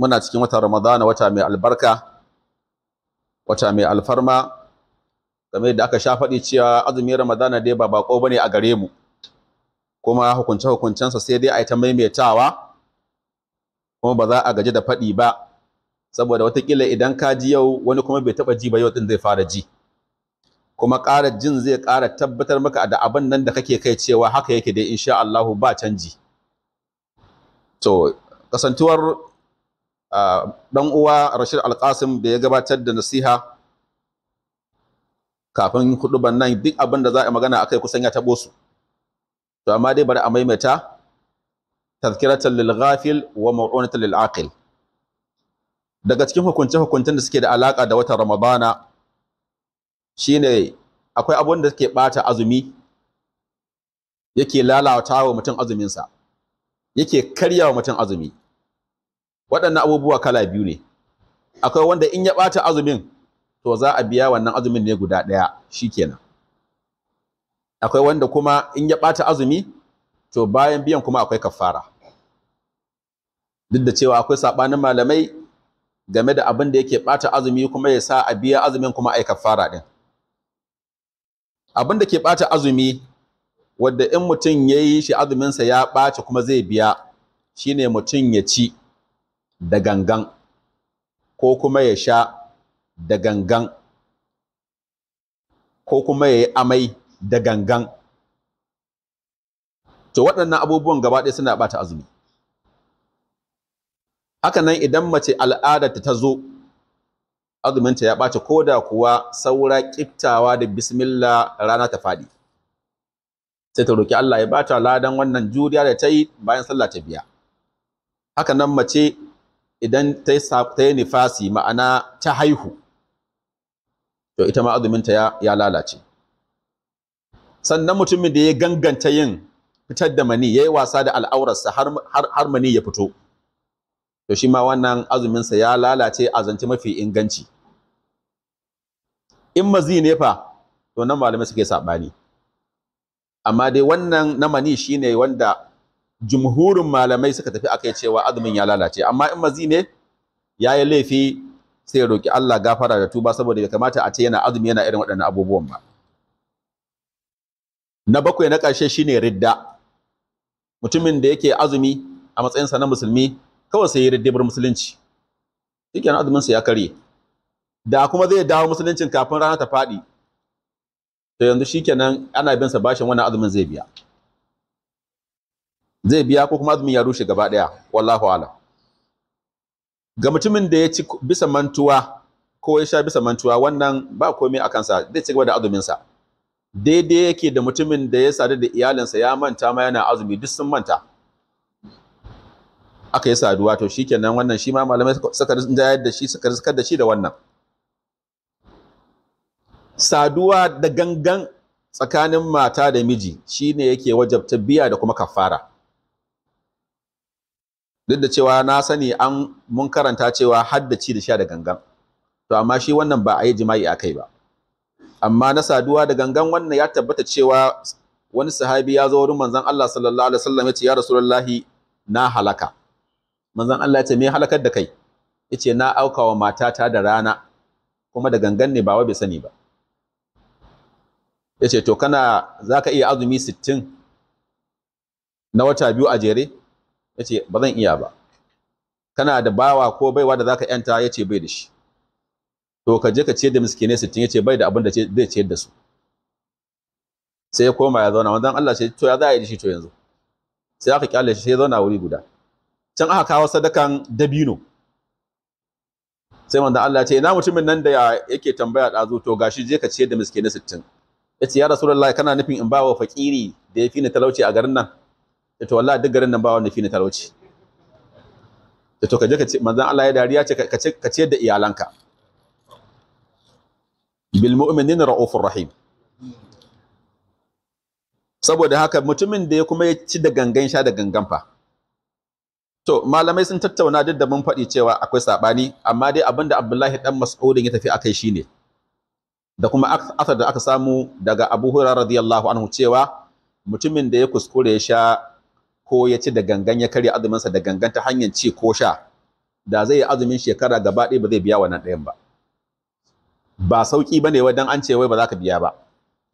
muna cikin watan ramadana wata mai albarka wata mai alfarma game da aka sha faɗi cewa azumin ramadana dai ba bako bane a gare mu kuma hukunce hukuncensa sai dai a yi ta maimaitawa kuma ba za a gaji da faɗi ba saboda watakila idan ka ji yau wani kuma bai taɓa ji ba yau ɗin zai fara ji kuma ƙara jin zai ƙara tabbatar maka da abin nan da kake kai cewa haka yake dai insha Allahu ba canji to kasantuwar dan uwa Rashid Al-Qasim da ya gabatar da nasiha kafin huduban nan duk abin da za a magana akai kusan ya tabo su to amma dai bari a maimaita tazkiratan lil ghafil wa maw'unatan lil aqil daga cikin hukunce hukuntun da suke da alaka da watan Ramadana shine akwai abun da suke bata azumi yake lalata wa mutum azuminsa yake karya wa mutum azumi waɗannan abubuwa kala biyu ne akwai wanda in ya ɓata azumin to za a biya wannan azumin ne guda ɗaya shi kenan akwai wanda kuma in ya ɓata azumi to bayan biyan kuma akwai kafara duk da cewa akwai saɓanin malamai game da abin da yake ɓata azumi kuma ya sa a biya azumin kuma ai kafara ɗin abin da ke ɓata azumi wadda in mutum ya yi shi azuminsa ya ɓace kuma zai biya shine mutum ya ci da gangan ko kuma ya sha da gangan ko kuma ya yi amai da gangan to waɗannan abubuwan gaba ɗaya suna ɓata azumi haka nan idan mace al'adarta ta zo azuminta ya ɓata ko da kuwa saura ƙiftawa da bismillah rana ta faɗi sai ta roƙi Allah ya bata ladan wannan juriya da ta yi bayan sallah ta biya haka nan mace idan ta yi nifasi ma'ana ta haihu to ita ma azuminta ya, lalace sannan mutumin da ya ganganta yin fitar da mani ya yi wasa da al'aurarsa har, mani ya fito to shi ma wannan azuminsa ya lalace a zance mafi inganci in mazi ne fa to nan malamai suke saɓani amma dai wannan na mani shine wanda jumhurin malamai suka tafi akai cewa azumin ya lalace amma in mazi ne ya yi laifi sai roki Allah gafara da tuba saboda ya kamata a ce yana azumi yana irin waɗannan abubuwan ba na bakwai na ƙarshe shine ridda mutumin da yake azumi a matsayinsa na musulmi kawai sai ya bar musulunci shikenan azumin sa ya karye da kuma zai dawo musuluncin kafin rana ta faɗi to yanzu shikenan ana bin sa bashin wannan azumin zai biya zai biya ko kuma azumin ya rushe gaba ɗaya wallahu ala ga mutumin da ya ci bisa mantuwa ko ya sha bisa mantuwa wannan ba komai a kansa zai ci gaba da azumin sa daidai yake da mutumin da ya sadu da iyalinsa ya manta ma yana azumi duk sun manta aka yi saduwa to shikenan wannan shi ma malamai suka rinjayar da shi suka da shi da wannan saduwa da gangan tsakanin mata da miji shine yake wajabta biya da kuma kafara duk da cewa na sani an mun karanta cewa haddaci da sha da gangan to amma shi wannan ba a yi jima'i a kai ba amma na saduwa da gangan wannan ya tabbata cewa wani sahabi ya zo wurin manzon Allah sallallahu alaihi wasallam ya ce ya rasulullahi na halaka manzon Allah ya ce me halakar da kai yace na auka wa matata da rana kuma da gangan ne ba wa bai sani ba yace to kana zaka iya azumi 60 na wata biyu a jere yace ba zan iya ba kana da bawa ko baiwa da zaka yanta yace bai da shi to ka je ka ciyar da miskinai sittin yace bai da abin da zai ciyar da su sai ya koma ya zauna wannan Allah sai to ya za a yi da shi to yanzu sai aka kyale shi sai ya zauna wuri guda can aka kawo sadakan dabino sai wannan Allah ya ce ina mutumin nan da yake tambaya dazu to gashi je ka ciyar da miskinai sittin yace ya rasulullahi kana nufin in ba wa fakiri da fi ni talauci a garin nan Ito to wallahi duk garin nan ba wanda talauci Ito to kaje ka ce manzon Allah ya dariya ce ka ce da iyalanka bil mu'minina raufur rahim saboda haka mutumin da ya kuma ya ci da gangan sha da gangan fa to malamai sun tattauna duk da mun faɗi cewa akwai sabani amma dai abinda Abdullahi dan Mas'udin ya tafi akai shine da kuma asar da aka samu daga Abu Hurairah radiyallahu anhu cewa mutumin da ya kuskure ya sha ko ya ci da gangan ya karya azuminsa da gangan ta hanyar ci ko sha da zai yi azumin shekara gaba ɗaya ba zai biya wannan ɗayan ba ba sauki ba ne wadan an ce wai ba za ka biya ba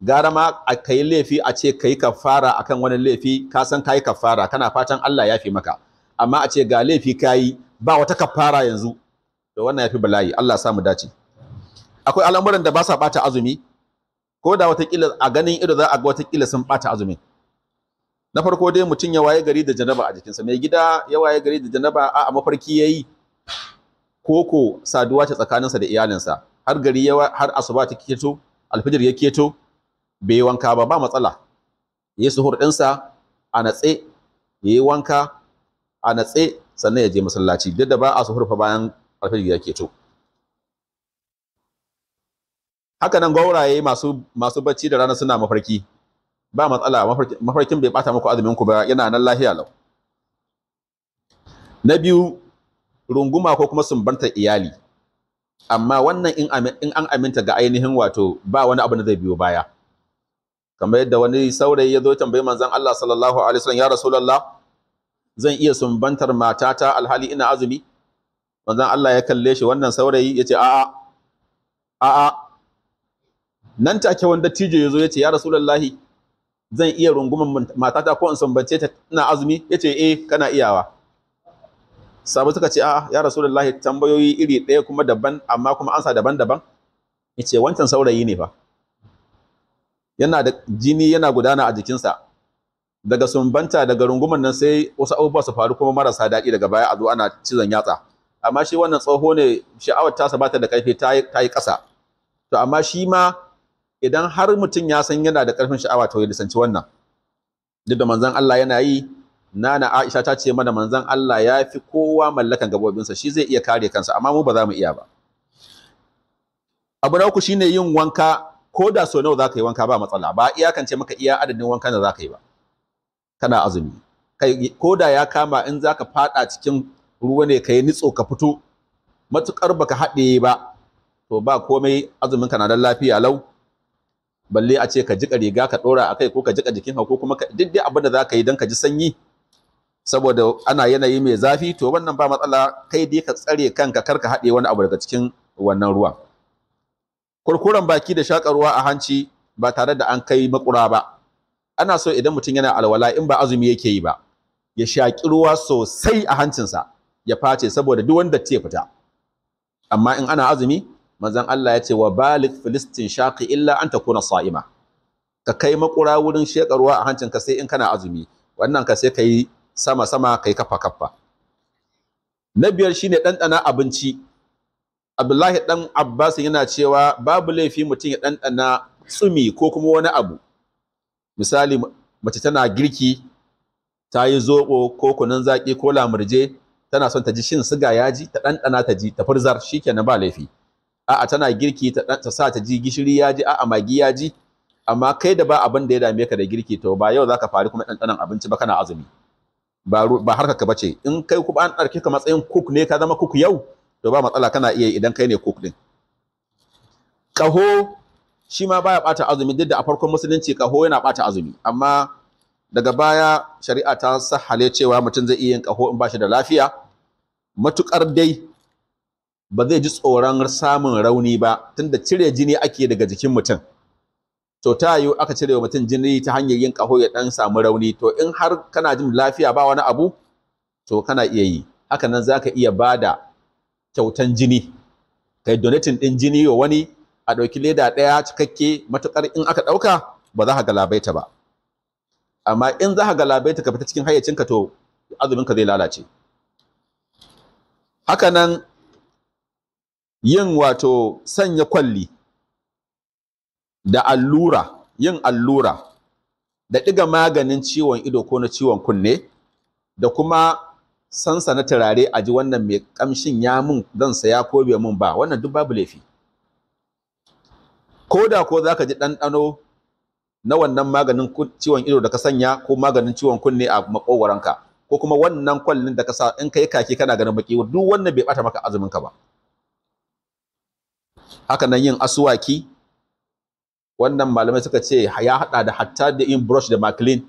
gara ma a kai laifi a ce ka kai kafara akan wani laifi ka san ka ka kafara kana fatan Allah ya fi maka amma a ce ga laifi ka yi ba wata kafara yanzu to wannan ya fi bala'i Allah sa mu dace akwai al'amuran da ba sa bata azumi ko da watakila a ganin ido za a ga watakila sun bata azumin? na farko dai mutum ya waye gari da janaba a jikinsa mai gida ya waye gari da janaba a mafarki yayi koko saduwa ta tsakaninsa da iyalinsa har gari ya har asuba ta keto alfijir ya keto bai wanka ba ba matsala yayi suhur ɗinsa a natse yayi wanka a natse sannan ya je masallaci duk da ba a suhur fa bayan alfijir ya keto haka nan gauraye masu masu bacci da rana suna mafarki ba matsala mafarkin bai bata muku azumin ku ba yana nan lahiya lau na biyu runguma ko kuma sumbantar iyali amma wannan in an aminta ga ainihin wato ba wani abu da zai biyo baya kamar yadda wani saurayi ya zo tambayi manzon Allah sallallahu alaihi wasallam ya rasulullah zan iya sumbantar matata alhali ina azumi manzon Allah ya kalle shi wannan saurayi yace a'a a'a nan take wanda tijo yazo yace ya rasulullahi zan iya rungumin matata ko in sambance ta ina azumi yace eh kana iyawa sabu suka ce a, ya rasulullahi tambayoyi iri ɗaya kuma daban amma kuma ansa daban-daban yace wancan saurayi ne fa yana da jini yana gudana a jikinsa daga sumbanta daga runguman nan sai wasu abubuwa su faru kuma marasa daɗi daga baya a zo ana cizon yatsa amma shi wannan tsoho ne sha'awar tasa bata da kaifi ta yi ƙasa to amma shi ma idan har mutum ya san yana da ƙarfin sha'awa ta ya lisanci wannan duk da manzon Allah yana yi nana Aisha ta ce mana manzon Allah ya fi kowa mallakan gabobinsa shi zai iya kare kansa amma mu ba za mu iya ba abu na uku shine yin wanka ko da so nawa zaka yi wanka ba matsala ba iyakance maka iya adadin wanka da zaka yi ba kana azumi kai ko da ya kama in zaka faɗa cikin ruwa ne kai nitso ka fito matukar baka haɗe ba to ba komai azumin ka na dan lafiya lau balle a ce ka jika riga ka dora akai ko ka jika jikinka ko kuma duk dai abin da za ka yi dan ka ji sanyi saboda ana yanayi mai zafi to wannan ba matsala kai dai ka tsare kanka kar ka haɗe wani abu daga cikin wannan ruwa kurkuran baki da shaka ruwa a hanci ba tare da an kai makura ba ana so idan mutum yana alwala in ba azumi yake yi ba ya shaƙi ruwa sosai a hancinsa ya face saboda duk wanda ya fita amma in ana azumi manzon Allah ya ce wa balik filistin shaqi illa an takuna sa'ima ka kai makura wurin shekarwa a hancin ka sai in kana azumi wannan ka sai kai sama sama kai kafa kafa na biyar shine ɗanɗana abinci Abdullahi ɗan Abbas yana cewa babu laifi mutum ya ɗanɗana tsumi ko kuma wani abu misali mace tana girki ta yi zoɓo ko kunun zaƙi ko lamurje tana son ta ji shin siga ya ji ta ɗanɗana ta ji ta furzar shikenan ba laifi a'a tana girki ta sa ta ji gishiri ya ji a'a magi ya ji amma kai da ba abin da ya dame ka da girki to ba yau zaka fari kuma ɗanɗanon abinci ba kana azumi ba ba harka ka bace in kai kuma an ɗarke ka matsayin cook ne ka zama cook yau to ba matsala kana iya idan kai ne cook din kaho shi ma baya bata azumi duk da a farkon musulunci kaho yana bata azumi amma daga baya shari'a ta sahale cewa mutum zai iya yin kaho in bashi da lafiya matukar dai ba zai ji tsoron samun rauni ba tunda cire jini ake daga jikin mutum to ta yiwu aka cire wa mutum jini ta hanyar yin kaho ya ɗan samu rauni to in har kana jin lafiya ba wani abu to kana iya yi haka nan za iya ba da kyautan jini kai yi donatin ɗin jini wa wani a ɗauki leda ɗaya cikakke matuƙar in aka ɗauka ba za ka galabaita ba amma in za ka galabaita ka fita cikin hayyacinka to azumin ka zai lalace haka nan yin wato sanya kwalli da allura yin allura da ɗiga maganin ciwon ido ko na ciwon kunne da kuma sansa na turare a ji wannan mai ƙamshin ya mun zan saya ko bai mun ba wannan duk babu laifi ko da ko za ka ji ɗanɗano na wannan maganin ciwon ido da ka sanya ko maganin ciwon kunne a maƙogwaronka ko kuma wannan kwallin da ka sa in ka yi kaki kana ganin baki duk wannan bai ɓata maka azumin ka ba haka nan yin asuwaki wannan malamai suka ce ya hada da hatta da yin brush da maklin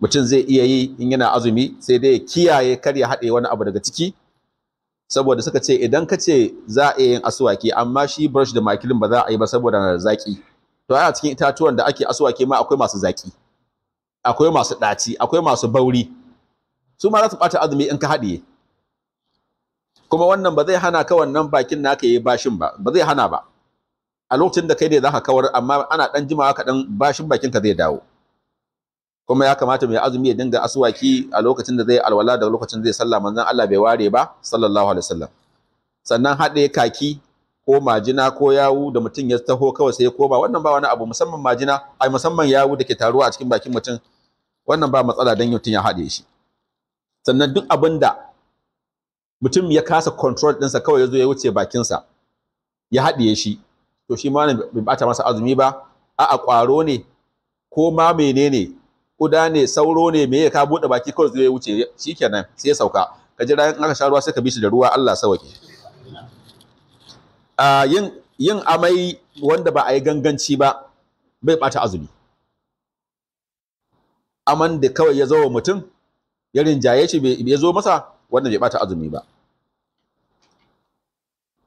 mutum zai iya yi in yana azumi sai dai kiyaye kar ya haɗe wani abu daga ciki saboda suka ce idan ka ce za a iya yin asuwaki amma shi brush da makilin ba za a yi ba saboda na zaki to a cikin itatuwan da ake asuwaki ma akwai masu zaki akwai masu ɗaci akwai masu bauri su ma za su ɓata azumi in ka haɗiye kuma wannan ba zai hana ka wannan bakin naka yayi bashin ba ba zai hana ba a lokacin da kai ne zaka kawar amma ana dan jimawa ka dan bashin bakin ka zai dawo kuma ya kamata mai azumi ya dinga aswaki a lokacin da zai alwala da lokacin zai sallah manzon Allah bai ware ba sallallahu alaihi wasallam sannan hade kaki ko majina ko yawu da mutum ya taho kawai sai ya koma wannan ba wani abu musamman majina ai musamman yawu da ke taruwa a cikin bakin mutum wannan ba matsala don mutum ya hade shi sannan duk abin da mutum ya kasa control ɗinsa kawai ya zo ya wuce bakinsa ya haɗiye shi to shi ma bai bata masa azumi ba a'a ƙwaro ne ko ma menene kuda ne sauro ne me ya ka buɗe baki kawai zai wuce shikenan sai ya sauka ka ji rayan aka sha ruwa sai ka bi shi da ruwa Allah sauke a yin yin amai wanda ba a yi ganganci ba bai bata azumi aman da kawai ya zo mutum ya rinjaye shi bai zo masa wannan bai bata azumi ba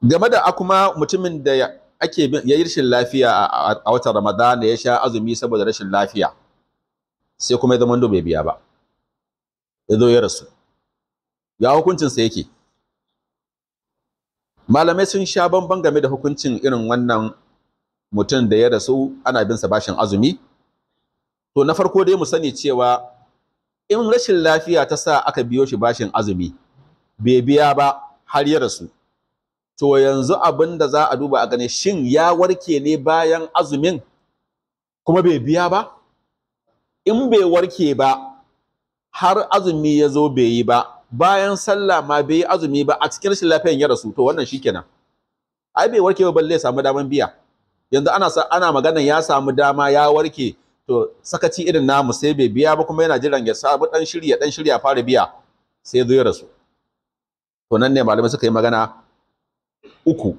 game da kuma mutumin da ake ya yi rashin lafiya a watan Ramadana ya sha azumi saboda rashin lafiya sai kuma ya zama bai biya ba ya zo ya rasu ya hukuncinsa yake malamai sun sha bamban game da hukuncin irin wannan mutum da ya rasu ana bin sa bashin azumi to na farko dai mu sani cewa in rashin lafiya ta sa aka biyo shi bashin azumi bai biya ba har ya rasu to yanzu abin da za a duba a gane shin ya warke ne bayan azumin kuma bai biya ba in bai warke ba har azumi ya zo bai yi ba bayan sallah ma bai yi azumi ba a cikin rashin lafiyan ya rasu to wannan shikenan ai bai warke ba balle samu daman biya yanzu ana ana magana ya samu dama ya warke to sakaci irin namu sai bai biya ba kuma yana jiran ya samu dan shirya dan shirya fara biya sai zo ya rasu to nan ne malamai suka yi magana uku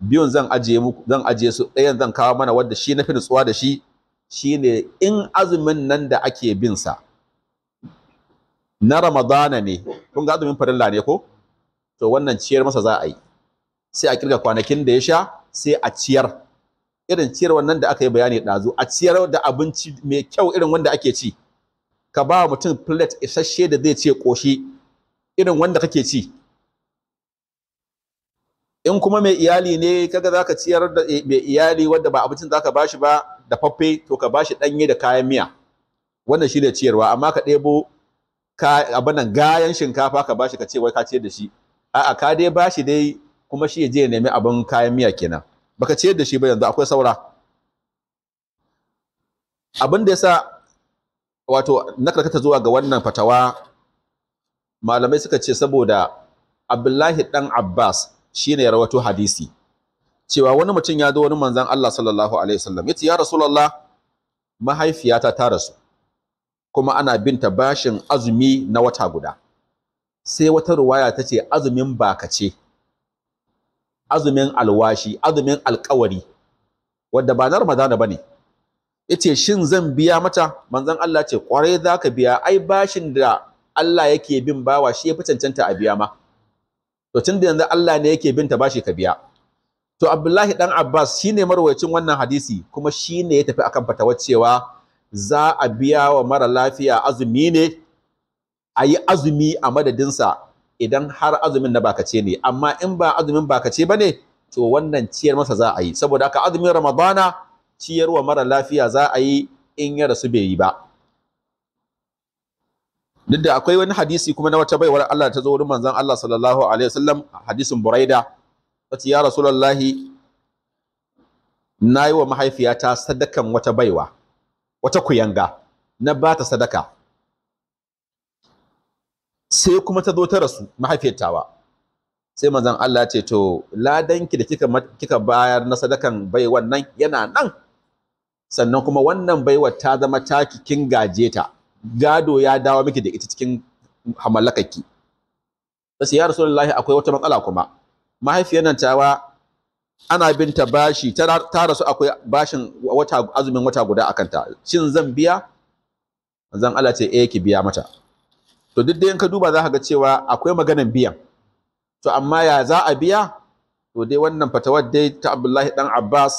biyun zan ajiye muku zan ajiye su ɗayan zan kawo mana wanda shi na fi nutsuwa da shi shine in azumin nan da ake bin sa na ramadana ne kun ga azumin farilla ne ko to wannan ciyar masa za a yi sai a kirga kwanakin da ya sha sai a ciyar irin ciyar wannan da aka yi bayani ɗazu a ciyar da abinci mai kyau irin wanda ake ci ka ba mutum plate isasshe da zai ce ƙoshi irin wanda kake ci in kuma mai iyali ne kaga zaka ciyar da eh, mai iyali wanda ba abincin zaka bashi ba da faffe to ka bashi danye da kayan miya wannan shi ne ciyarwa amma ka ɗebo abinan gayan shinkafa ka bashi ka ce wai ka ciyar da shi a'a ka dai bashi dai kuma shi ya je ya nemi abin kayan miya kenan baka ciyar da shi ba yanzu akwai saura abin da yasa wato na karkata zuwa ga wannan fatawa malamai suka ce saboda Abdullahi dan Abbas Shi ne rawato hadisi cewa wani mutum ya zo wani manzan Allah sallallahu alaihi wasallam yace ya rasulullah mahaifiyata ta rasu kuma ana bin ta bashin azumi na wata guda sai wata ruwaya ta ce azumin bakace azumin alwashi azumin alkawari wadda ba na ramadana bane yace shin zan biya mata manzon Allah ce kwarai ka biya ai bashin da Allah yake bin bawa shi ya fi cancanta a biya ma to tun da yanzu Allah ne yake binta bashi ka biya to Abdullahi dan Abbas shine marwayacin wannan hadisi kuma shine ya tafi akan fatawa cewa za a biya wa mara lafiya azumi ne a yi azumi a madadinsa idan har azumin na bakace ne amma in ba azumin bakace ba ne to wannan ciyar masa za a yi saboda haka azumin ramadana ciyarwa mara lafiya za a yi in ya rasu bai yi ba duk da akwai wani hadisi kuma na wata baiwar Allah ta zo wurin manzon Allah sallallahu alaihi wasallam hadisin Buraida wata ya rasulullahi nayi wa mahaifiyata sadakan wata baiwa wata kuyanga na bata sadaka sai kuma ta zo ta rasu mahaifiyatawa sai manzon Allah ya ce to ladanki da kika kika bayar na sadakan baiwan nan yana nan sannan kuma wannan baiwar ta zama taki kin gaje ta gado ya dawo miki da ita cikin hamallakaki sai ya rasulullahi akwai wata matsala kuma mahaifiyar nan tawa ana binta bashi ta rasu akwai bashin wata azumin wata guda akan ta shin zan biya zan Allah ce eh ki biya mata to duk da ka duba za ka ga cewa akwai maganan biyan to amma ya za a biya to dai wannan fatawar dai ta Abdullahi dan Abbas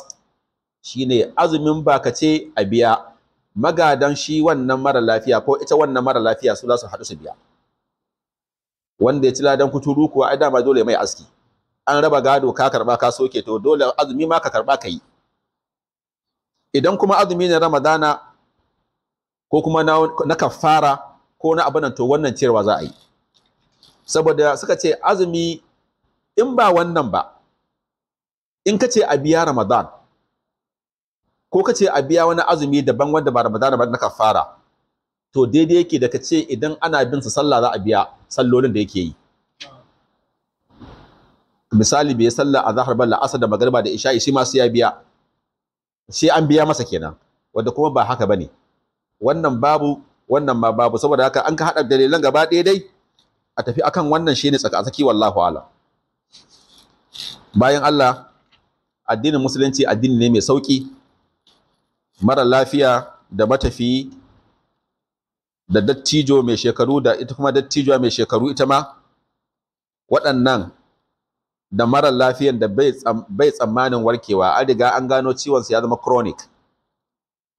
shine azumin ce a biya magadan shi wannan mara lafiya ko ita wannan mara lafiya su za su haɗu su biya wanda ya ci ladan kuturu kuwa ai dama dole mai aski an raba gado ka karba ka soke to dole azumi ma ka karba ka yi idan kuma azumi ne ramadana ko kuma na, kafara ko na abinan to wannan cewa za a yi saboda suka ce azumi in ba wannan ba in ka ce a biya ramadan ko ka ce a biya wani azumi daban wanda ba Ramadan ba na kafara to daidai yake da ka ce idan ana bin sa sallah za a biya sallolin da yake yi misali bai sallah a zahar balla asar da magarba da isha'i shi ma ya biya sai an biya masa kenan wanda kuma ba haka bane wannan babu wannan ma babu saboda haka an ka hada dalilan gaba ɗaya dai a tafi akan wannan shine tsaka tsaki wallahu ala bayan Allah addinin musulunci addini ne mai sauki mara lafiya da matafiya da dattijo mai shekaru da ita kuma dattijo mai shekaru ita ma waɗannan da mara lafiyan da bai tsammanin warkewa an riga an gano ciwon su ya zama chronic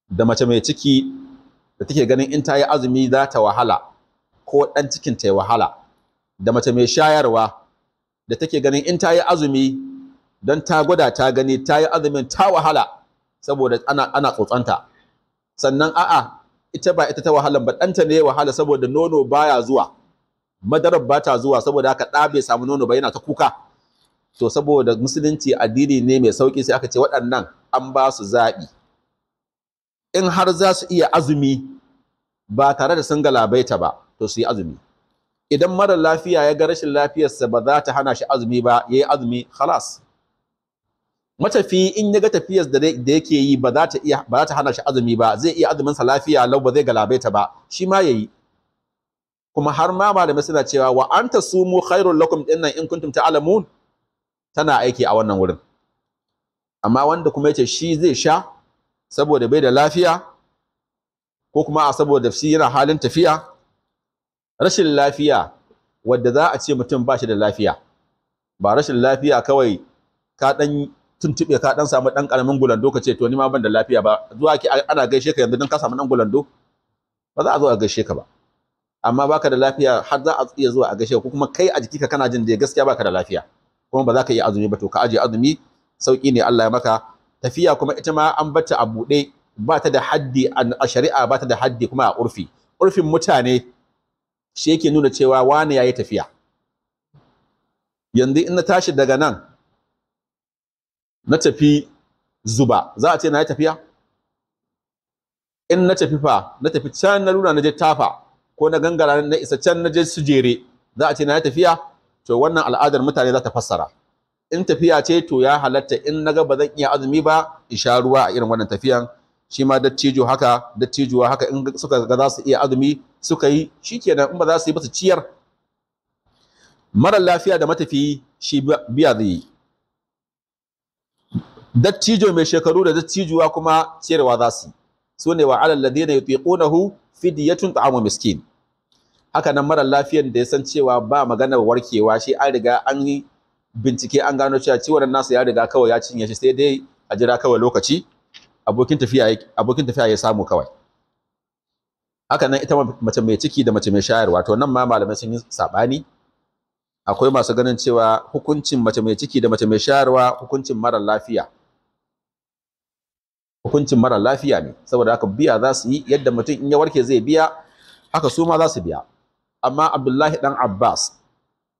da mace mai ciki da take ganin in ta yi azumi za ta wahala ko ɗan cikin ta yi wahala da mace mai shayarwa da take ganin in ta yi azumi don ta gwada ta gani ta yi azumin ta wahala saboda ana tsotsanta sannan a'a ita ba ita ta wahalan ba ɗanta ne wahala saboda nono baya zuwa madarar ba ta zuwa saboda haka ɗabe samu nono ba yana ta kuka to saboda musulunci addini ne mai sauki sai aka ce waɗannan an ba su zaɓi in har za su iya azumi ba tare da sun galabaita ba to su yi azumi idan mara lafiya ya ga rashin lafiyarsa ba za ta hana shi azumi ba ya yi azumi khalas matafi in ya ga tafiyar da yake yi ba za ta iya ba za ta hana shi azumi ba zai iya azumin sa lafiya lau ba zai galabaita ba shi ma yayi kuma har ma malamai suna cewa wa anta sumu khairul lakum nan in kuntum ta'lamun tana aiki a wannan wurin amma wanda kuma yace shi zai sha saboda bai da lafiya ko kuma a saboda shi yana halin tafiya rashin lafiya wadda za a ce mutum ba shi da lafiya ba rashin lafiya kawai ka dan tuntube ka dan samu dan karamin gulando ka ce to ni ma ban da lafiya ba zuwa ki ana gaishe ka yanzu dan ka samu dan gulando ba za a zo a gaishe ka ba amma baka da lafiya har za a iya zuwa a gaishe ka kuma kai a jiki ka kana jin da gaskiya baka da lafiya kuma ba za ka yi azumi ba to ka aje azumi sauki ne Allah ya maka tafiya kuma ita ma an bata a buɗe ba ta da haddi a shari'a ba ta da haddi kuma a urfi urfin mutane shi yake nuna cewa wane yayi tafiya yanzu in na tashi daga nan na tafi zuba za a ce na yi tafiya in na tafi fa na tafi can na luna na je tafa ko na gangara na isa can na je sujere za a ce na yi tafiya to wannan al'adar mutane za ta fassara in tafiya ce to ya halatta in na ga ba zan iya azumi ba in sha ruwa a irin wannan tafiyan shi ma dattijo haka dattijuwa haka in suka ga za su iya azumi suka yi shikenan in ba za su yi ba su ciyar mara lafiya da matafiyi shi biya zai yi dattijo mai shekaru da dattijuwa kuma ciyarwa za su su ne wa alal ladina yutiqunahu fidyatun ta'amu miskin haka nan mara lafiyan da ya san cewa ba maganar warkewa shi an riga an yi bincike an gano cewa ciwon nasa ya riga kawai ya cinye shi sai dai a jira kawai lokaci abokin tafiya abokin tafiya ya samu kawai haka nan ita mace mai ciki da mace mai shayarwa to nan ma malamai sun yi saɓani. akwai masu ganin cewa hukuncin mace mai ciki da mace mai shayarwa hukuncin mara lafiya hukuncin mara lafiya ne saboda haka biya za su yi yadda mutum in ya warke zai biya haka su ma za su biya amma abdullahi dan abbas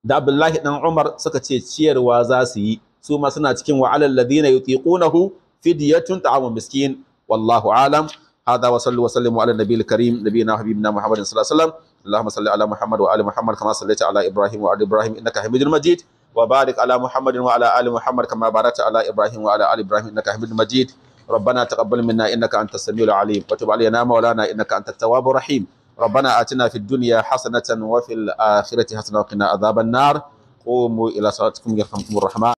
da abdullahi dan umar suka ce ciyarwa za su yi su ma suna cikin wa alal ladina yutiqunahu fidyatun ta'amu miskin wallahu alam هذا وصلى وسلم على النبي الكريم نبينا حبيبنا محمد صلى الله عليه وسلم اللهم صل على محمد وعلى محمد كما صليت على ابراهيم وعلى ابراهيم انك حميد مجيد وبارك على محمد وعلى ال محمد كما باركت على ابراهيم وعلى ال ابراهيم انك حميد مجيد ربنا تقبل منا إنك أنت السميع العليم وتب علينا مولانا إنك أنت التواب الرحيم ربنا آتنا في الدنيا حسنة وفي الآخرة حسنة وقنا عذاب النار قوموا إلى صلاتكم يرحمكم الرحمن